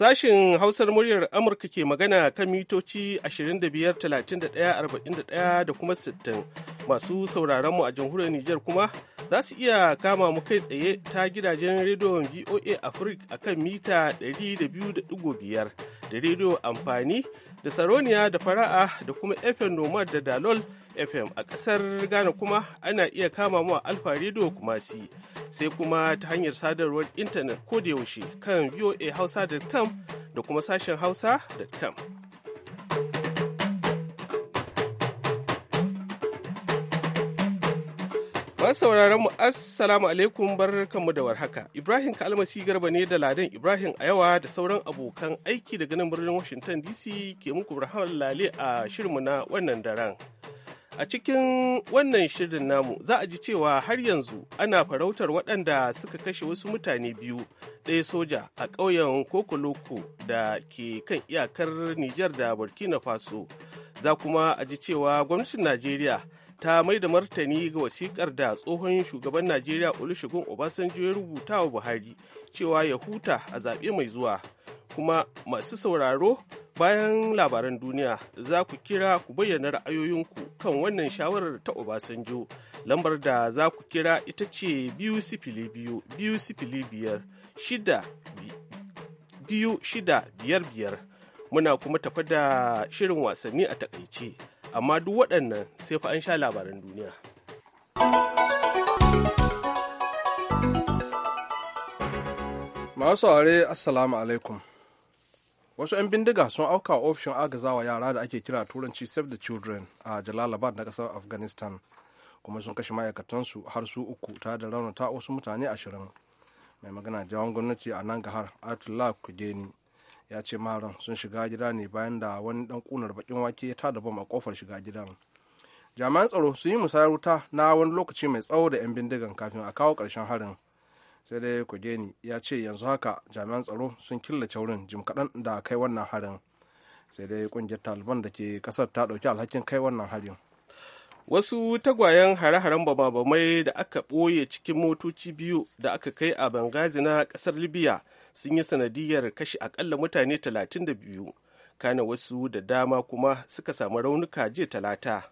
Sashin Hausar muryar Amurka ke magana kan mitoci 25,31,41 da kuma 60. Masu sauraronmu a jamhuriyar Nijar kuma za su iya kama mu kai tsaye ta gidajen rediyon VOA Africa a kan mita 200.5 da rediyo amfani da Saroniya da Fara'a da kuma FM Nomad da Dalol FM a ƙasar Ghana kuma ana iya kama mu a Alfa Radio Kumasi sai kuma ta hanyar sadarwar intanet ko da yaushe kan voahausa.com da kuma sashen hausa.com. sauraron mu assalamu alaikum barkanmu da warhaka ibrahim kalmasi garba ne da ladan ibrahim a yawa da sauran abokan aiki daga nan birnin washington dc ke muku rahama lale a shirinmu na wannan daren A cikin wannan shirin namu za a ji cewa har yanzu ana farautar waɗanda suka kashe wasu mutane biyu ɗaya soja a ƙauyen Kokoloko da ke kan iyakar Nijar da Burkina Faso. Za kuma a ji cewa gwamnatin Najeriya ta mai da martani ga wasikar da tsohon shugaban najeriya olusegun obasanjo ya rubuta wa buhari cewa ya huta a zaɓe mai zuwa kuma masu sauraro bayan labaran duniya za ku kira ku bayyana ra'ayoyinku kan wannan shawarar ta Obasanjo. Lambar da za ku kira ita ce biyu sifili biyu biyu sifili biyar shida biyu shida biyar biyar. Muna kuma tafa da shirin wasanni a takaice, amma duk waɗannan sai fa an sha labaran duniya. Masu aure Assalamu alaikum. wasu 'yan bindiga sun auka ofishin agazawa yara da ake kira turanci save the children a jalalabad na kasar afghanistan kuma sun kashe ma'aikatansu har su uku tare da raunata wasu mutane ashirin mai magana jawon gwamnati a nan gahar atullah kudeni ya ce maran sun shiga gida ne bayan da wani dan kunar bakin wake ya tada bom a kofar shiga gidan jami'an tsaro sun yi musayar wuta na wani lokaci mai tsawo da 'yan bindigan kafin a kawo ƙarshen harin sai dai kogeni ya ce yanzu haka jami'an tsaro sun killace wurin jim kaɗan da kai wannan harin sai dai kungiyar taliban da ke kasar ta ɗauki alhakin kai wannan harin wasu tagwayen hare-haren bama-bamai da aka ɓoye cikin motoci biyu da aka kai a bangazi na ƙasar libya sun yi sanadiyar kashe akalla mutane 32 kana wasu da dama kuma suka samu raunuka jiya talata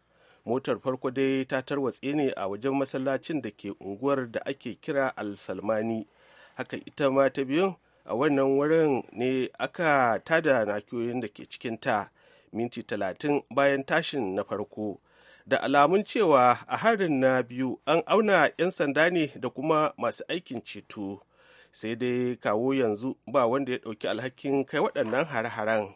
motar farko dai ta tarwatse ne a wajen masallacin da ke unguwar da ake kira al-salmani haka ita ma ta biyun a wannan wurin ne aka tada nakiyoyin da ke cikinta minti talatin bayan tashin na farko da alamun cewa a harin na biyu an auna 'yan sanda ne da kuma masu aikin ceto sai dai kawo yanzu ba wanda ya ɗauki alhakin kai waɗannan hare-haren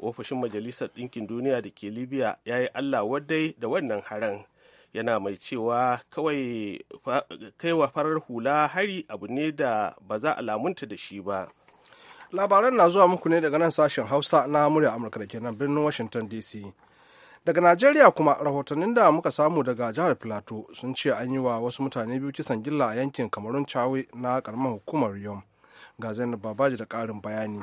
ofishin majalisar ɗinkin duniya da ke libya ya yi allah wadai da wannan haran yana mai cewa kawai kaiwa farar hula hari abu ne da ba za a lamunta da shi ba labaran na zuwa muku ne daga nan sashen hausa na murya amurka da ke nan birnin washington dc daga najeriya kuma rahotannin da muka samu daga jihar plateau sun ce an yi wa wasu mutane biyu kisan gilla a yankin kamarun cawe na karamar hukumar yom ga zainab babaji da karin bayani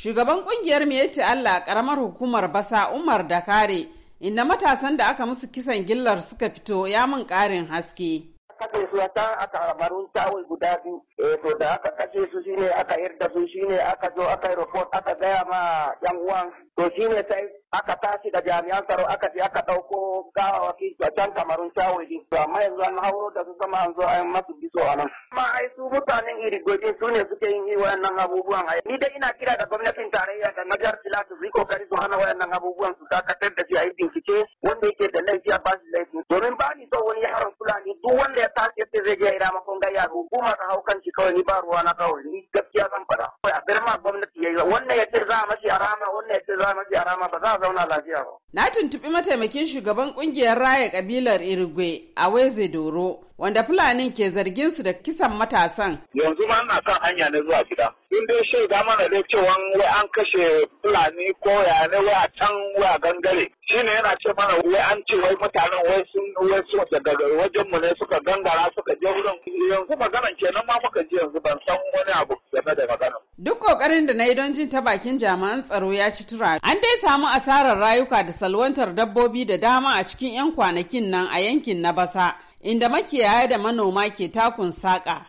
Shugaban kungiyar Miyeti Allah karamar hukumar Basa Umar da kare inda matasan da aka musu kisan gillar suka fito ya mun karin haske. kashe su ta aka barun tawul guda biyu eh to da aka kashe su shine aka yarda su shine aka zo aka report aka gaya ma yan uwan to shine sai aka tashi da jami'an tsaro aka je aka ɗauko gawawaki a can kamarun shawuri amma yanzu an hauro da su sama an zo an masu biso a nan. Amma ai su mutanen irigoji su ne suke yin yi wayannan abubuwan a Ni dai ina kira da gwamnatin tarayya da na jihar Filato su yi kokari su hana wayannan abubuwan su dakatar da shi a yi bincike wanda yake da laifi a ba shi laifi. Domin ba ni so wani yaron Fulani duk wanda ya tashi ce zai je ya ira makon gayya hukuma ta hau kanci kawai ni ba ruwa na kawai ni gaskiya zan faɗa. A ma gwamnati ya yi wannan ya ce za a mashi a rama ya ce za a mashi a ba za zauna lafiya ba. Na tuntuɓi mataimakin shugaban ƙungiyar raya ƙabilar Irigwe a Weze Doro, wanda Fulanin ke zargin su da kisan matasan. Yanzu ma ina kan hanya na zuwa gida. in dai shaida mana dai cewa wai an kashe fulani ko ya ne wai a can wai a gangare shine yana ce mana wai an ce wai mutanen wai sun wai su daga wajen mu ne suka gangara suka je wurin yanzu maganan kenan ma muka ji yanzu ban san wani abu game da maganan Duk kokarin da na yi don jin ta bakin jami'an tsaro ya ci tura. An dai samu asarar rayuka da salwantar dabbobi da dama a cikin 'yan kwanakin nan a yankin na basa, inda makiyaya da manoma ke takun saƙa.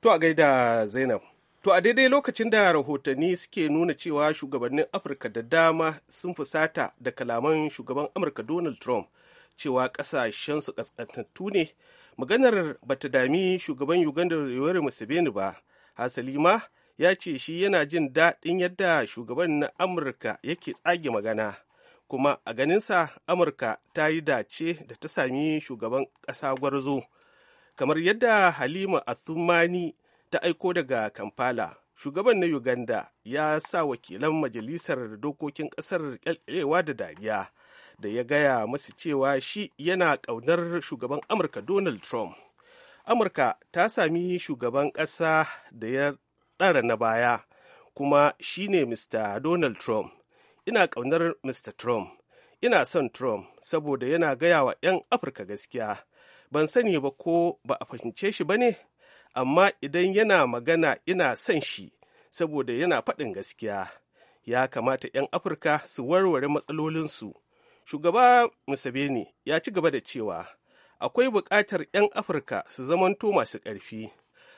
To a gaida Zainab. To a daidai lokacin da rahotanni suke nuna cewa shugabannin Afirka da dama sun fusata da kalaman shugaban Amurka Donald Trump cewa ƙasashensu ƙasƙantattu ne, maganar bata dami shugaban Uganda Yoweri Museveni ba, hasali ma ya ce shi yana jin daɗin yadda shugaban na Amurka yake tsage magana, kuma a ganinsa Amurka ta yi dace da ta sami shugaban ƙasa gwarzo. Kamar yadda Halima Athumani ta aiko daga Kampala, shugaban na Uganda ya sa wakilan majalisar dokokin ƙasar ƙyalƙyalewa da dariya da ya gaya masu cewa shi yana ƙaunar shugaban Amurka Donald Trump. Amurka ta sami shugaban ƙasa da ya ɗara na baya kuma shi ne Mr. Donald Trump. Ina ƙaunar Mr. Trump. Ina son Trump saboda yana gaya wa 'yan Afirka gaskiya. Ban sani ba ko ba a fahimce shi ba ne? amma idan yana magana ina son shi saboda yana faɗin gaskiya ya kamata 'yan afirka su warware matsalolinsu shugaba museveni ya ci gaba da cewa akwai buƙatar 'yan afirka su zamanto masu ƙarfi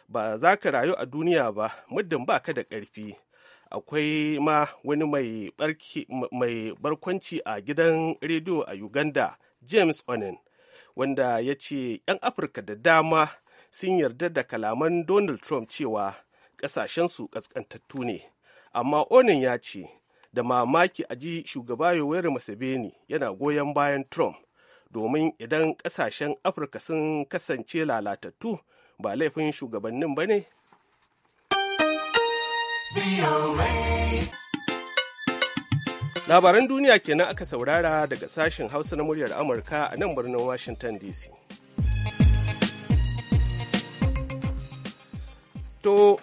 ba za ka rayu a duniya ba muddin ba ka da ƙarfi akwai ma wani mai barkwanci a gidan rediyo a uganda james onin wanda ya ce 'yan afirka da dama sun yarda da kalaman donald trump cewa ƙasashensu ƙasƙantattu ne amma onin ya ce da mamaki a ji shugaba yoweri museveni yana goyon bayan trump domin idan ƙasashen afirka sun kasance lalatattu ba laifin shugabannin ba ne labaran duniya kenan aka saurara daga sashen hausa na muryar amurka a nan birnin washington dc To,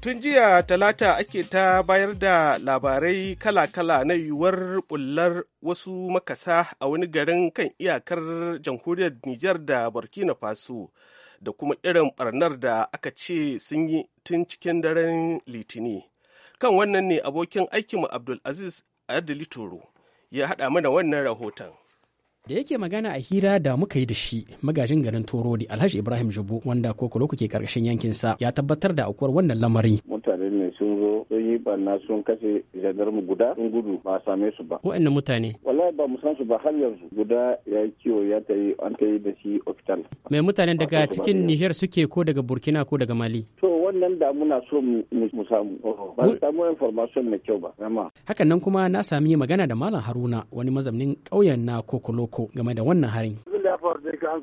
tun jiya talata ake ta bayar da labarai kala-kala na yiwuwar bullar wasu makasa a wani garin kan iyakar jamhuriyar Nijar da Burkina Faso da kuma irin barnar da aka ce sun yi tun cikin daren litini. Kan wannan ne abokin aikinmu Abdulaziz Adili ya haɗa mana wannan rahoton. da yake magana a hira da muka yi da shi magajin garin torodi alhaji ibrahim jubu wanda koko ke karkashin yankinsa ya tabbatar da aukuwar wannan lamari mutane ne sun zo sun yi barna sun kashe gendarme guda sun gudu ba a same su ba. Wa'annan mutane? Wallahi ba mu san su ba har yanzu guda ya yi kiwo ya ta yi an ta yi da shi hospital. Mai mutanen daga cikin Nijar suke ko daga Burkina ko daga Mali? To wannan damuna muna so mu samu. Ba mu samu information mai kyau ba. Hakan nan kuma na sami magana da Malam Haruna wani mazaunin ƙauyen na Kokoloko game da wannan harin. da an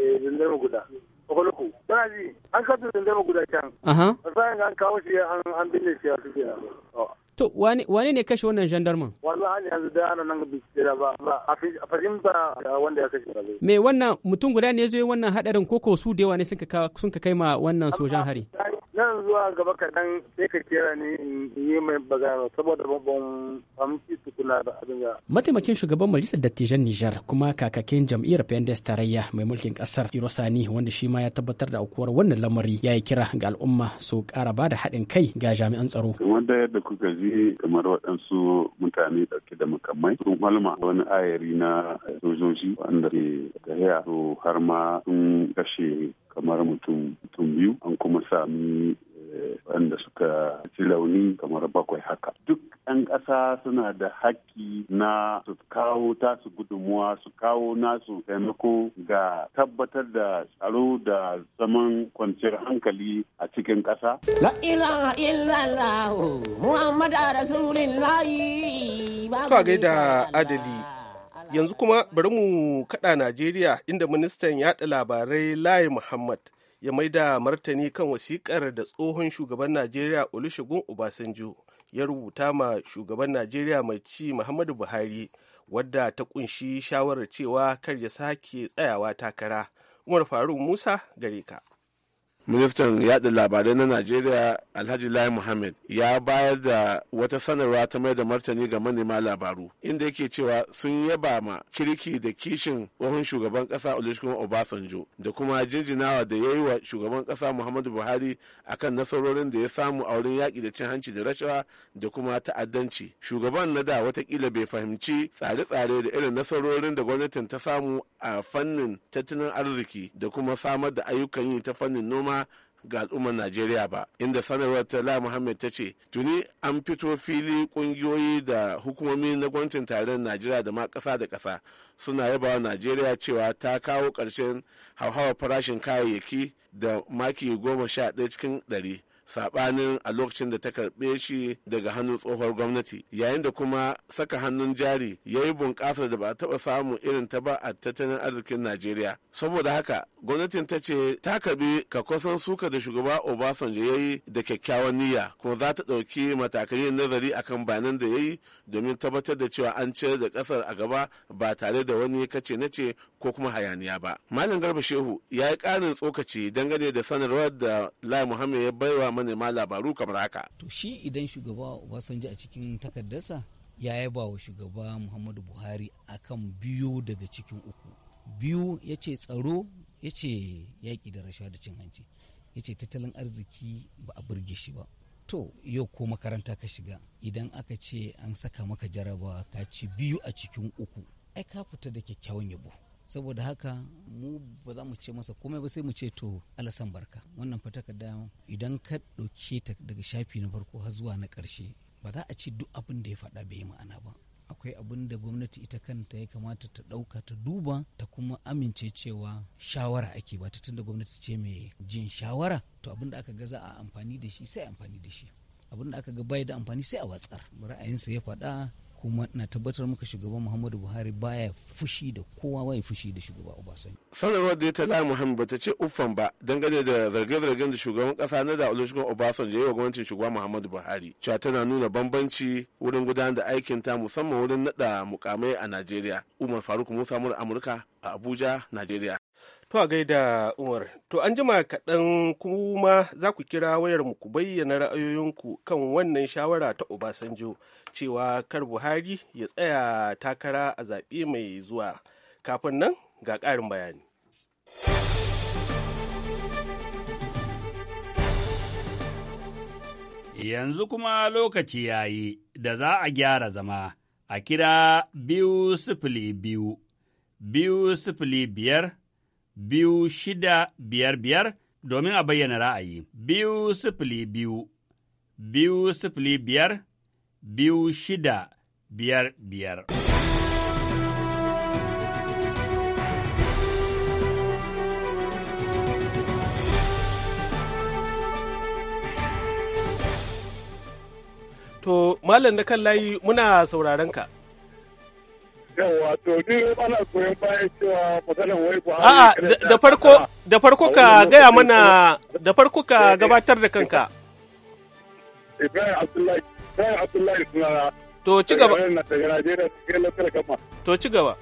eh, guda. Okoloko. Tana ji, an guda can. Aha. an an binne shi a suke To, ne kashe wannan gendarman? Wallahi yanzu da ana nan ba, a ba wanda ya kashe ba. Me wannan mutum guda ne yazo wannan hadarin koko su da yawa ne sun ka kai ma wannan sojan hari? nan zuwa gaba kaɗan sai ka kera ni in yi mai bagano saboda babban amci tukuna da abin da. Mataimakin shugaban majalisar dattijan Nijar kuma kakakin jam'iyyar PNDS tarayya mai mulkin ƙasar Irosani wanda shi ma ya tabbatar da aukuwar wannan lamari ya yi kira ga al'umma su ƙara ba da haɗin kai ga jami'an tsaro. wanda yadda kuka ji kamar waɗansu mutane ɗauke da makamai sun kwalma wani ayari na sojoji wanda ke tahiya har ma sun kashe kamar mutum biyu an kuma sami eh, wanda suka ci launi kamar bakwai haka. Duk 'yan ƙasa suna da haƙƙi na su kawo tasu gudunmuwa su kawo nasu taimako ga tabbatar da tsaro da zaman kwanciyar hankali a cikin ƙasa. La ilaha illallah Muhammad Ka gaida adali Yanzu kuma bari mu kaɗa Najeriya inda ministan yaɗa labarai Lai Muhammad ya maida martani kan wasiƙar da tsohon shugaban Najeriya Olusegun Obasanjo ya rubuta ma shugaban Najeriya mai ci Muhammadu Buhari wadda ta kunshi shawarar cewa kar ya sake tsayawa takara. Umar Faruk Musa gare ka. ministan yada labarai na najeriya alhaji lai muhammad ya bayar da wata sanarwa ta mai da martani ga manema labaru inda yake cewa sun yaba ma kirki da kishin tsohon shugaban kasa olusegun obasanjo da kuma jinjinawa da ya yi wa shugaban kasa muhammadu buhari akan nasarorin da ya samu a wurin yaƙi da cin hanci da rashawa da kuma ta'addanci shugaban na da watakila bai fahimci tsare-tsare da irin nasarorin da gwamnatin ta samu a fannin tattalin arziki da kuma samar da ayyukan yi ta fannin noma ga al'ummar najeriya ba inda sanarwar ta la muhammad ta ce tuni an fito fili kungiyoyi da hukumomi na gwamnatin tarayyar najeriya da ma kasa da kasa suna yaba wa najeriya cewa ta kawo ƙarshen hauhawar farashin kayayyaki da maki goma sha ɗaya cikin ɗari sabanin a lokacin da ta karɓe shi daga hannun tsohuwar gwamnati yayin da kuma saka hannun jari ya yi bunƙasar da ba a taɓa samu irin ta ba a tattalin arzikin najeriya saboda haka gwamnatin ta ce ta karɓi kakwasan suka da shugaba obasanjo ya yi da kyakkyawan niyya kuma za ta ɗauki matakan yin nazari akan bayanan da ya yi domin tabbatar da cewa an ciyar da ƙasar a gaba ba tare da wani kace na ce ko kuma hayaniya ba malam garba shehu ya yi ƙarin tsokaci dangane da sanarwar da lai muhammed ya baiwa manema labaru kamar haka. To shi idan shugaba Obasanjo a cikin takardarsa ya yaba wa shugaba Muhammadu Buhari akan biyu daga cikin uku. Biyu ya ce tsaro ya ce yaƙi da rashawa da cin hanci. Ya ce tattalin arziki ba a burge shi ba. To yau ko makaranta ka shiga idan aka ce an saka maka jarabawa ka ci biyu a cikin uku. Ai ka fita da kyakkyawan yabo. saboda haka mu ba za mu ce masa komai ba sai mu ce to alasan barka wannan fa takarda idan ka ɗauke ta daga shafi na farko har zuwa na ƙarshe ba za a ci duk abin da ya faɗa bai yi ma'ana ba akwai abin da gwamnati ita kanta ya kamata ta ɗauka ta duba ta kuma amince cewa shawara ake ba ta tunda gwamnati ce mai jin shawara to abin da aka ga za a amfani da shi sai amfani da shi abin da aka ga bai da amfani sai a watsar ra'ayinsa ya faɗa kuma na tabbatar maka shugaban muhammadu buhari baya fushi da kowa baya fushi da shugaba obasanjo sanarwar da ta la muhammadu bata ce uffan ba dangane da zarge-zargen da shugaban kasa na da obasan obasanjo yi wa gwamnatin shugaban muhammadu buhari cewa tana nuna bambanci wurin gudanar da aikin ta musamman wurin nada mukamai a najeriya umar faruk musa mura amurka a abuja najeriya To a gaida Umar, to an jima kaɗan kuma za ku kira wayar mu ku bayyana ra'ayoyinku kan wannan shawara ta Obasanjo cewa kar Buhari ya tsaya takara a zaɓe mai zuwa. Kafin nan ga ƙarin bayani. Yanzu kuma lokaci ya yi da za a gyara zama a kira biyu sifili biyu, biyu sifili biyar biyu shida biyar biyar domin a bayyana ra'ayi. Biyu sifili biyu, biyu sifili biyar, biyu shida biyar biyar. To, Malam na kan layi muna sauraron ka. yawa to ni ana a'a da farko da farko ka gaya mana da farko ka eh, eh. gabatar da kanka to ci gaba to ci gaba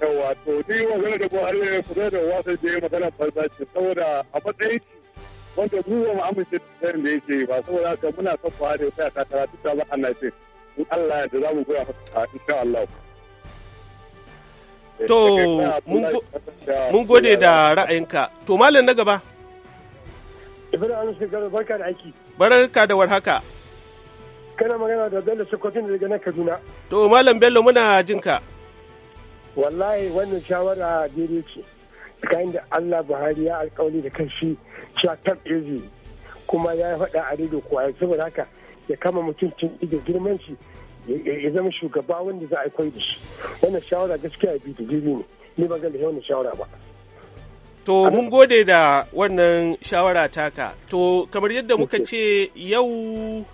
yawa to ni da Buhari ne kusa da farsashi saboda a matsayin wanda mu ba mu da ba saboda haka muna son da ya sa takara karatu ta ba Allah in Allah ya za mu goya a insha Allah eh, to mun gode da ra'ayinka to malam na gaba Ibi da Ibrahim Shekaru barka da aiki barka da warhaka kana magana da Bello Sokotin daga nan Kaduna to malam Bello muna jinka wallahi wannan shawara daidai ce tsakanin da Allah Buhari ya alkawari da kanshi cewa tab kuma ya faɗa a rediyo kuwa saboda haka ya kama mutum tun da girman ya zama shugaba wanda za a koyi da shi wannan shawara gaskiya ya bita jiri ne ni ba da shawara ba To mun gode da wannan shawara taka. To kamar yadda muka ce yau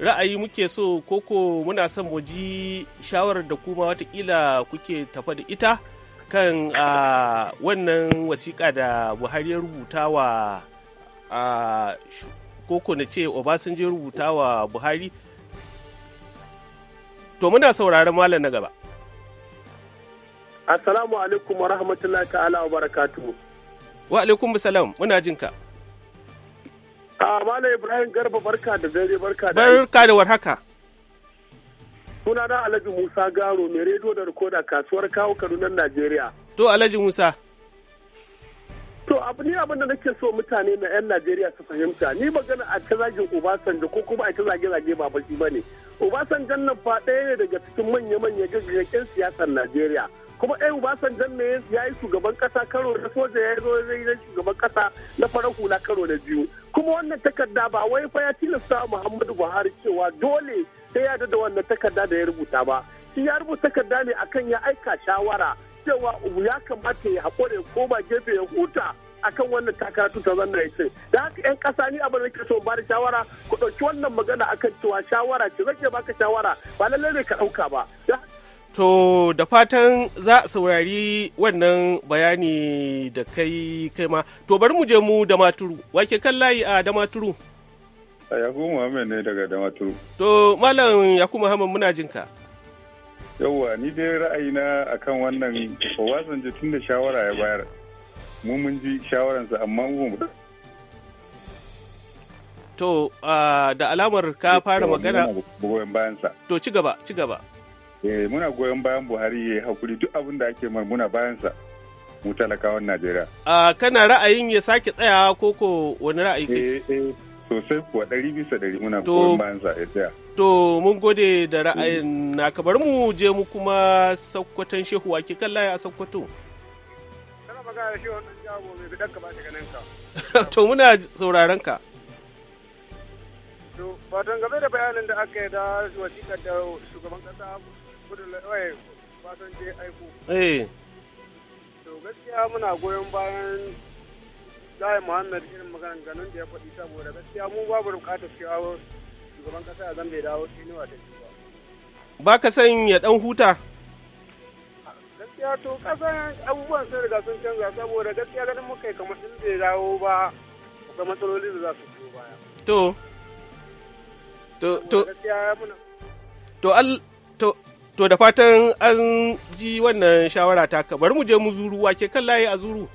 ra'ayi muke so koko muna son mu ji shawarar da kuma watakila kuke tafa da ita kan wannan wasiƙa da buhari ya rubuta wa koko na ce obasanjo rubuta wa buhari to muna sauraron malam na gaba assalamu alaikum wa rahmatullahi ta'ala wa barakatuhu wa alaikum salam muna jin ka a malam ibrahim garba barka da dare barka da barka da warhaka suna na alhaji musa garo mai rediyo da rikoda kasuwar kawo kadunan najeriya to alhaji musa To abu ni abin da nake so mutane na 'yan Najeriya su fahimta ni magana a ta zagin Obasanjo ko kuma a ta zage-zage ba baki ba ne. Obasanjan nan fa ɗaya ne daga cikin manya-manya gaggagen siyasar Najeriya. kuma ɗaya eh, Obasanjan ne ya yi shugaban ƙasa karo na soja ya zo zai yi shugaban ƙasa na farar hula karo na biyu. Kuma wannan takarda ba wai fa ya tilasta Muhammadu Buhari cewa dole sai ya da wannan takarda da ya rubuta ba. Shi ya rubuta takarda ne akan ya aika shawara cewa ya kamata ya haƙure ko ba gefe ya huta akan wannan takara 2019 da haka 'yan kasa ni abin da ke so ba da shawara ku ɗauki wannan magana akan cewa shawara ce zan baka shawara ba lallai ne ka ɗauka ba To da fatan za a saurari wannan bayani da kai kai ma. To bari mu je mu da maturu. Wake kan layi a da maturu? Yakubu Muhammad ne daga da maturu. To Malam yaku Muhammad muna jinka. yauwa ni dai ra'ayina akan wannan je tun da shawara ya bayar mu mun ji shawararsa amma mu to da alamar ka fara magana goyon bayansa to ci gaba ci gaba eh muna goyon bayan buhari ya hakuri duk abin da ake mar muna bayansa mu talakawan najeriya kana ra'ayin ya sake tsayawa koko wani ra'ayi ke? sosai kuwa ɗari bisa ɗari muna kuma bayan sa eh, ya To mun gode da ra'ayin mm. na kabar mu je mu kuma sakwatan shehu wake kan laye a sakkwato. Kana magana da shehu wannan jago mai bidan ka ba shi ganin ka. To muna sauraron ka. To fatan game da bayanin da aka yi da wasiƙar da shugaban ƙasa gudun fatan eh, je aiko. Eh. To gaskiya muna goyon bayan Lai Muhammad irin ganin da ya faɗi saboda gaskiya mu babu bukatar cewa shugaban kasa ya zan bai dawo ne wata ba. Ba ka san ya ɗan huta? Gaskiya to kasan abubuwan sun riga sun canza saboda gaskiya ganin muka yi kamar sun bai dawo ba ga matsaloli da za su biyo baya. To. To to. To al to To da fatan an ji wannan shawara ta ka bari mu je mu zuru wake kan layi a zuru.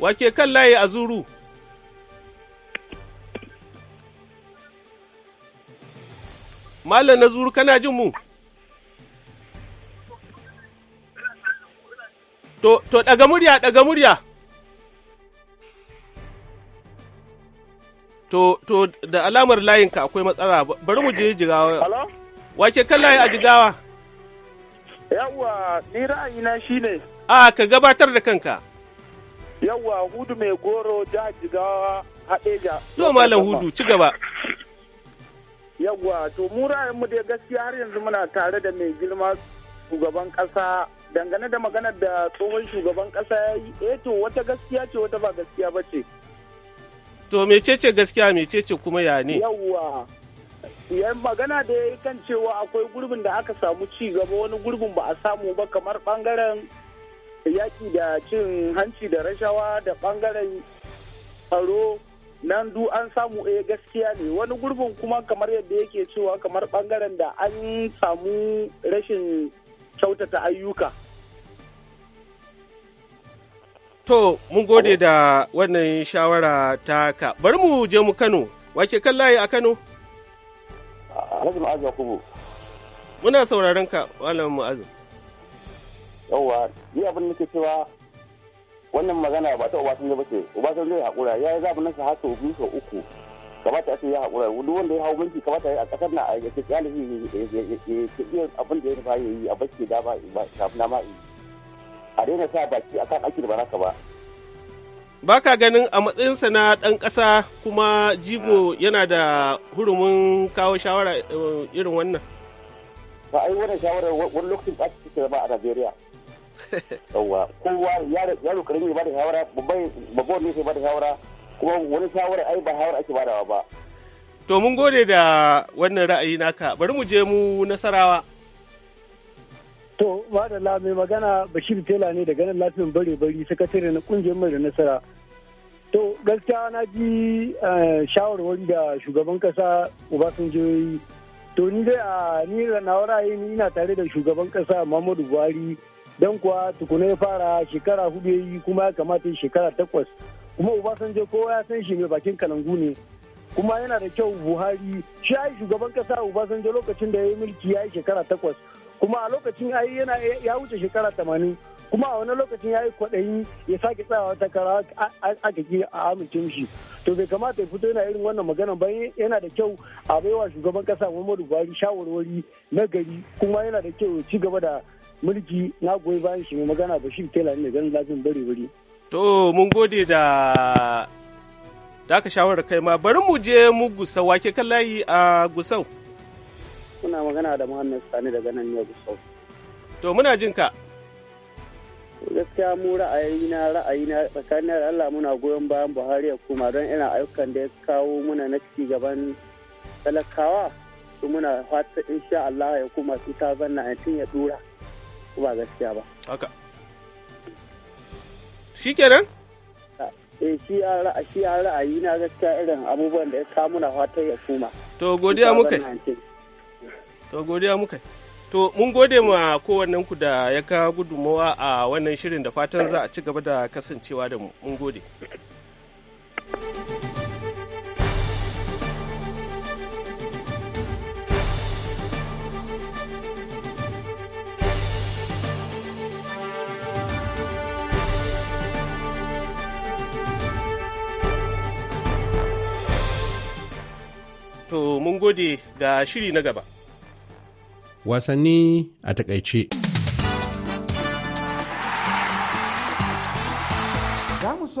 Wake kan layi a zuru? Malam na zuru kana jin mu? To, to daga murya, daga murya. To, to da alamar layinka akwai matsala bari mu je jigawa. Wake kan layi a jigawa? Yawwa, ni ra'ayina shine. A, ah, ka gabatar da kanka. Yawwa Hudu mai goro a haɗeja. To Malam Hudu ci gaba. Yawwa to mu mu da gaskiya har yanzu muna tare da mai girma shugaban ƙasa dangane da maganar da tsohon shugaban ƙasa ya yi eh to wata gaskiya ce wata ba gaskiya ba ce. To mecece gaskiya mecece kuma ya ne? Yawwa. yan magana da ya kan cewa akwai gurbin da aka samu ci gaba wani gurbin ba a samu ba kamar bangaren yaki da cin hanci da rashawa da bangaren tsaro nan du an samu eh gaskiya ne wani gurbin kuma kamar yadda yake cewa kamar bangaren da an samu rashin kyautata ayyuka to mun gode da wannan shawara ta ka bari mu je mu kano wake kan layi a kano Muna sauraron ka, Malam Mu'azu. yauwa ni abin da ke cewa wannan magana ba ta obasanjo ba ce obasanjo ya haƙura ya yi zaɓi nasa har sau biyu sau uku kamata a ce ya haƙura duk wanda ya hau mulki kamata a ƙasar na a yake ƙyalihi ya iya abin da ya nufa ya yi a bashi da ba kafin na ma'i a daina sa baki kan aiki da ba naka ba baka ganin a matsayinsa na ɗan ƙasa kuma jigo yana da hurumin kawo shawara eh, irin wannan ba a yi wannan shawarar wani lokacin ba da ba a najeriya yawwa kowa ba da shawara babban ne sai ba da shawara kuma wani shawara ai ba shawara ake badawa ba to mun gode da wannan ra'ayi naka bari mu je mu nasarawa to madalla mai magana bashir tela ne daga nan lafiyan bare bari sakatare na kungiyar mai da nasara to gaskiya na ji eh, shawarwari da shugaban kasa obasanjo yi to ni dai a ah, ni na ina tare da shugaban kasa muhammadu buhari don kuwa tukuna ya fara shekara hudu ya yi kuma ya kamata shekara takwas kuma obasanjo kowa ya san shi mai bakin kalangu ne kuma yana da kyau buhari shi ya yi shugaban kasa obasanjo lokacin da ya yi mulki ya yi shekara takwas kuma a lokacin yana ya wuce shekara tamanin kuma a wani lokacin ya yi kwaɗayi ya sake tsayawa takara aka ki a amince shi to bai kamata ya fito yana irin wannan magana ba yana da kyau a baiwa shugaban kasa muhammadu buhari shawarwari na gari kuma yana da kyau ya ci gaba da mulki na goyi bayan shi mai magana shi Tela ne ganin lafiyar bari wuri. To mun gode da daka shawarar kai ma bari mu je mu gusau wake kan layi a gusau. Muna magana da Muhammad Sani daga nan ne gusau. To muna jin ka. gaskiya mu ra'ayina ra'ayina tsakanin Allah muna goyon bayan Buhari ya kuma don ina ayyukan da ya kawo muna na ci gaban talakawa su muna fata insha Allah ya kuma 2019 ya dura. ba gaskiya ba haka eh, shi kenan eh shi a ra'ayi na gaskiya irin abubuwan da ya kamu na fata ya kuma to godiya muka to godiya muka to mun gode ma kowannen ku da ya ka gudunmawa a wannan shirin da fatan za a ci gaba da kasancewa da mu mun gode To mun gode ga shiri na gaba. Wasanni a takaice.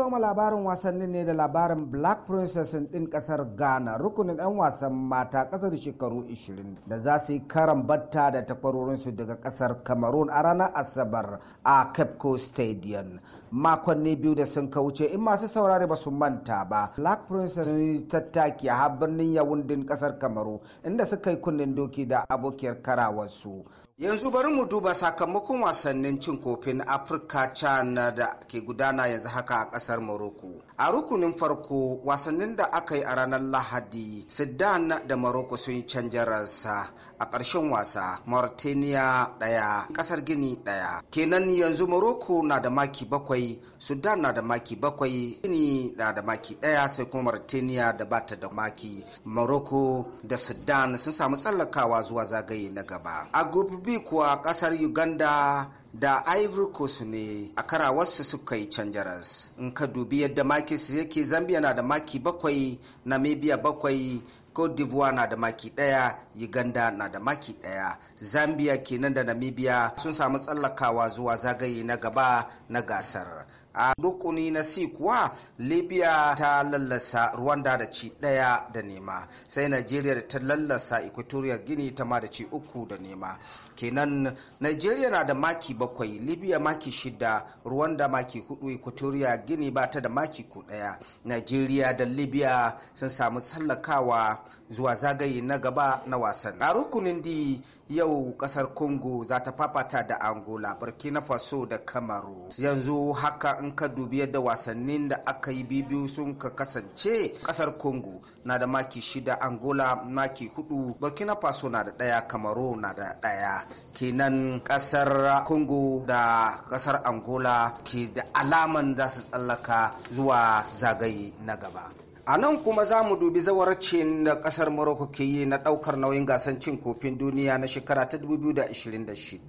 soma labarin wasannin ne da labarin black princess din kasar ghana rukunin 'yan wasan mata kasar shekaru 20 da za su yi karan batta da takwarorinsu daga kasar cameroon a ranar asabar a capco stadium makonni biyu da sun kauce in masu saurare ba su manta ba black princess sun yi tattaki a birnin yawundin kasar cameroon inda suka yi kunnen doki da abokiyar karawarsu Yanzu bari mu duba sakamakon wasannin cin kofin Afirka can da ke gudana yanzu haka a ƙasar Morocco. A rukunin farko wasannin da aka yi a ranar Lahadi, Sudan da Morocco sun yi rasa a ƙarshen wasa mauritania ɗaya ƙasar gini ɗaya kenan yanzu morocco na da maki bakwai sudan na da maki bakwai gini na da maki ɗaya sai kuma mauritania da bata da maki morocco da sudan sun samu tsallakawa zuwa zagaye na gaba a group b kuwa ƙasar uganda da ivory coast ne a kara wasu suka yi canjaras. in ka dubi yadda maki yake zambia na da maki bakwai namibia bakwai cote d'ivoire na da maki daya uganda na da maki daya zambia kenan da namibia sun samu tsallakawa zuwa zagaye na gaba na gasar a rukuni na si kuwa libya ta lallasa rwanda da ci daya da nema sai nigeria da ta lallasa equatorial guinea ta ma da ci uku da nema kenan nigeria na da maki bakwai libya maki shida rwanda maki hudu equatorial guinea ba ta da maki ko daya nigeria da libya sun samu tsallakawa zuwa zagaye na gaba na wasan a rukunin di yau kasar congo za ta fafata da angola burkina faso da kamaru yanzu haka in ka dubi yadda wasannin da aka yi bibiyu sun ka kasance kasar congo na da maki shida angola maki hudu burkina faso na da daya kamaru na da daya kenan kasar congo da kasar angola ke da alaman za su tsallaka zuwa zagaye na gaba A nan kuma za mu dubi zawarcin na kasar Morocco ke yi na daukar nauyin gasar cin kofin duniya na shekara ta 2026.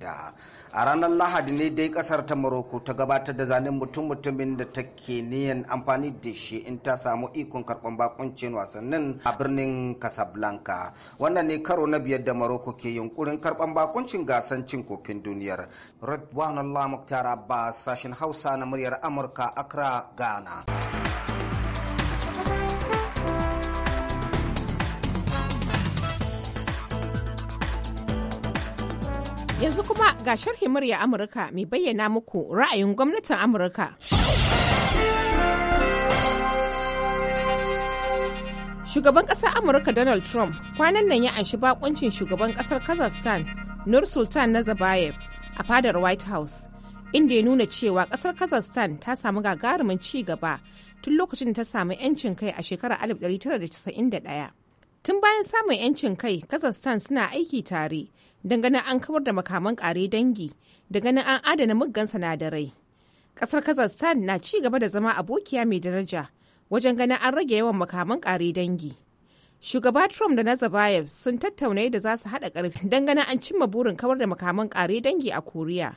A ranar Lahadi ne dai kasar ta Morocco ta gabatar da zanen mutum-mutumin da ta ke niyan amfani da shi in ta samu ikon karɓar bakuncin wasannin a birnin Casablanca. Wannan ne karo na biyar da Morocco ke yunkurin karɓar bakuncin gasar cin kofin duniyar. Radwan Allah Muktar Abbas sashen Hausa na muryar Amurka Accra, Ghana. Yanzu kuma ga sharhi murya Amurka mai bayyana muku ra'ayin gwamnatin Amurka. Shugaban ƙasar Amurka Donald Trump kwanan nan ya anshi bakuncin shugaban ƙasar Kazakhstan Nur Sultan na Nazarbayev a fadar White House. inda ya nuna cewa kasar kazakhstan ta samu gagarumin ci gaba tun lokacin da ta samu 'yancin kai a shekarar 1991 Tun bayan samun 'yancin kai, Kazakhstan suna aiki tare don ganin an kawar da makaman kare dangi da ganin an adana muggan sinadarai. Ƙasar Kazakhstan na ci gaba da zama abokiya mai daraja wajen ganin an rage yawan makaman ƙare dangi. Shugaba Trump da Nazarbayev sun tattauna da za su haɗa ƙarfi don ganin an cimma burin kawar da makaman ƙare dangi a Koriya.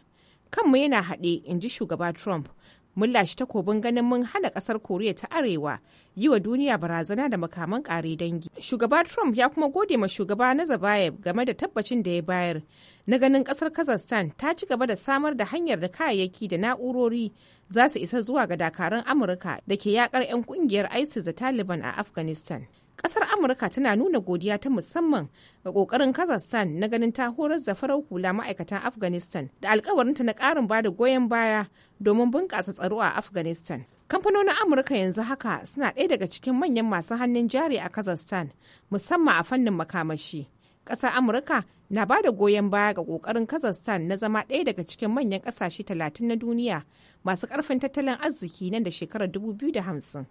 Kanmu yana haɗe, in ji shugaba Trump, mun lashe takobin ganin mun hana kasar koriya ta arewa yi wa duniya barazana da makaman kare dangi shugaba trump ya kuma gode ma shugaba na zabayev game da tabbacin da ya bayar na ganin kasar kazakhstan ta ci gaba da samar da hanyar da kayayyaki da na'urori za su isa zuwa ga dakarun amurka da ke yakar 'yan kungiyar isis da taliban a afghanistan kasar amurka tana nuna godiya ta musamman ga kokarin kazakhstan na ganin ta horar da farar hula ma'aikatan afghanistan da alkawarinta na karin ba da goyon baya domin bunƙasa tsaro a afghanistan kamfanonin amurka yanzu haka suna ɗaya daga cikin manyan masu hannun jari a kazakhstan musamman a fannin makamashi ƙasar amurka na ba da goyon baya ga ƙoƙarin kazakhstan na zama ɗaya daga cikin manyan ƙasashe talatin na duniya masu ƙarfin tattalin arziki nan da shekarar 2050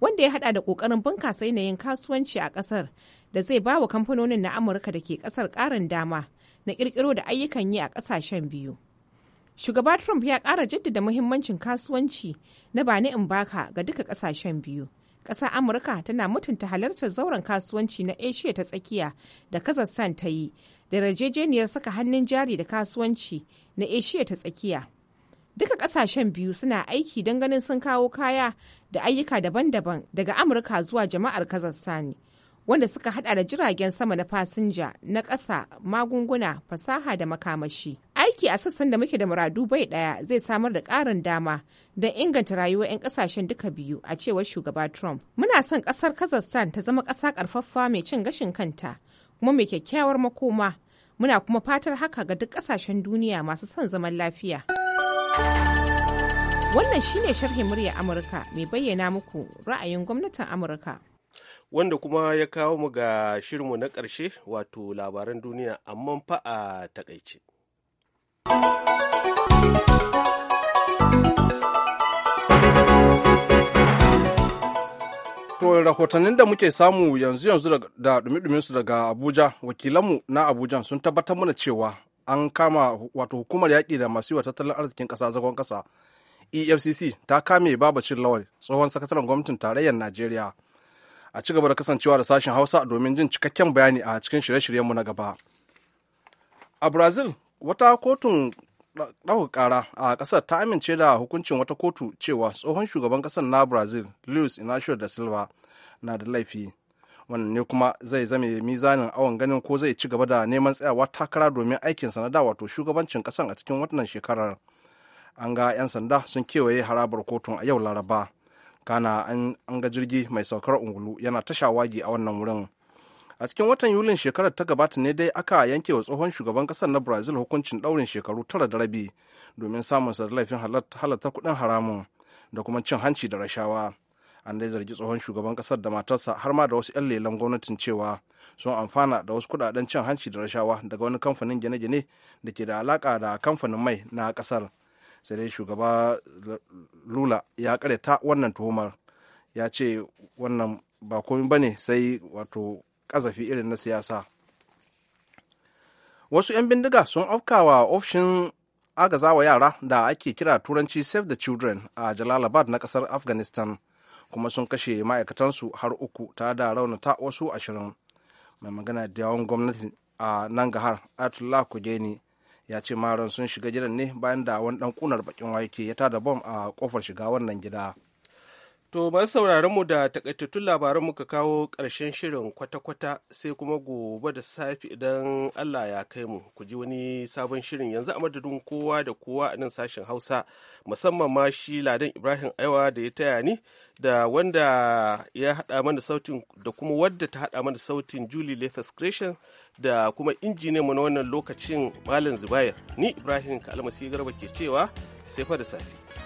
wanda ya hada da kokarin bunkasa yanayin kasuwanci a kasar da zai ba wa kamfanonin na amurka da ke kasar karin dama na kirkiro da ayyukan yi a kasashen biyu shugaba trump ya kara jaddada muhimmancin kasuwanci na bani in baka ga duka kasashen biyu ƙasar amurka tana mutunta halartar zauren kasuwanci na asia ta tsakiya da kazakhstan ta yi da yarjejeniyar saka hannun jari da kasuwanci na asia ta tsakiya duka kasashen biyu suna aiki don ganin sun kawo kaya da ayyuka daban-daban daga Amurka zuwa jama'ar Kazakhstan wanda suka hada da jiragen sama na fasinja na ƙasa magunguna fasaha da makamashi. Aiki a sassan da muke da muradu bai ɗaya zai samar da ƙarin dama don inganta rayuwar 'yan ƙasashen duka biyu a cewar shugaba Trump. Muna son ƙasar Kazakhstan ta zama ƙasa ƙarfaffa mai cin gashin kanta kuma mai kyakkyawar makoma. Muna kuma fatar haka ga duk ƙasashen duniya masu son zaman lafiya. Wannan shi ne sharhin murya Amurka mai bayyana muku ra'ayin gwamnatin Amurka. Wanda kuma ya kawo mu ga shirinmu na ƙarshe wato labaran duniya amma fa a takaice. To rahotannin da muke samu yanzu yanzu da dumi su daga Abuja, wakilanmu na Abuja sun tabbatar mana cewa an kama wato hukumar yaƙi da masu yi wa tattalin arzikin ƙasa zagon ƙasa efcc ta kame babu cin lawal tsohon sakataren gwamnatin tarayyar najeriya a ci gaba da kasancewa da sashen hausa domin jin cikakken bayani a cikin shirye-shiryenmu na gaba a brazil wata kotun ɗaukar ƙara a ƙasar ta amince da hukuncin wata kotu cewa tsohon shugaban ƙasar na brazil luis Inácio da silva na da laifi wannan ne kuma zai zame mizanin awon ganin ko zai ci gaba da neman tsayawa takara domin aikinsa na da wato shugabancin ƙasar a cikin wannan shekarar an ga 'yan sanda sun kewaye harabar kotun a yau laraba kana an ga jirgi mai saukar ungulu yana ta shawagi a wannan wurin a cikin watan yulin shekarar ta gabata ne dai aka yanke wa tsohon shugaban kasar na brazil hukuncin daurin shekaru tara da rabi domin samun sa laifin halatta kudin haramun da kuma cin hanci da rashawa an dai zargi tsohon shugaban kasar da matarsa har ma da wasu 'yan lelen gwamnatin cewa sun amfana da wasu kudaden cin hanci da rashawa daga wani kamfanin gine-gine da ke da alaka da kamfanin mai na kasar. sai dai shugaba lula ya ta wannan tuhumar ya ce wannan ba komi ba ne sai wato kazafi irin na siyasa wasu 'yan bindiga sun wa ofishin agazawa yara da ake kira turanci save the children a jalalabad na kasar afghanistan kuma sun kashe ma'aikatansu har uku ta da raunata wasu ashirin mai magana da yawon gwamnati a nan gahar atullah kogeni ya ce maran sun shiga gidan ne bayan da wani dan kunar bakin wake ya tada bom a kofar shiga wannan gida to masu sauraron mu da takaitattun labaran muka kawo karshen shirin kwata-kwata sai kuma gobe da safi idan Allah ya kai mu ku ji wani sabon shirin yanzu a madadin kowa da kowa a nan sashen Hausa musamman ma shi Ladan Ibrahim Aiwa da ya taya ni da wanda ya hada mana sautin da kuma wadda ta hada mana sautin Julie Lathas creation da kuma injiniya mu na wannan lokacin Malam Zubair. Ni Ibrahim Kalmasi Garba ke cewa sai fa da safe.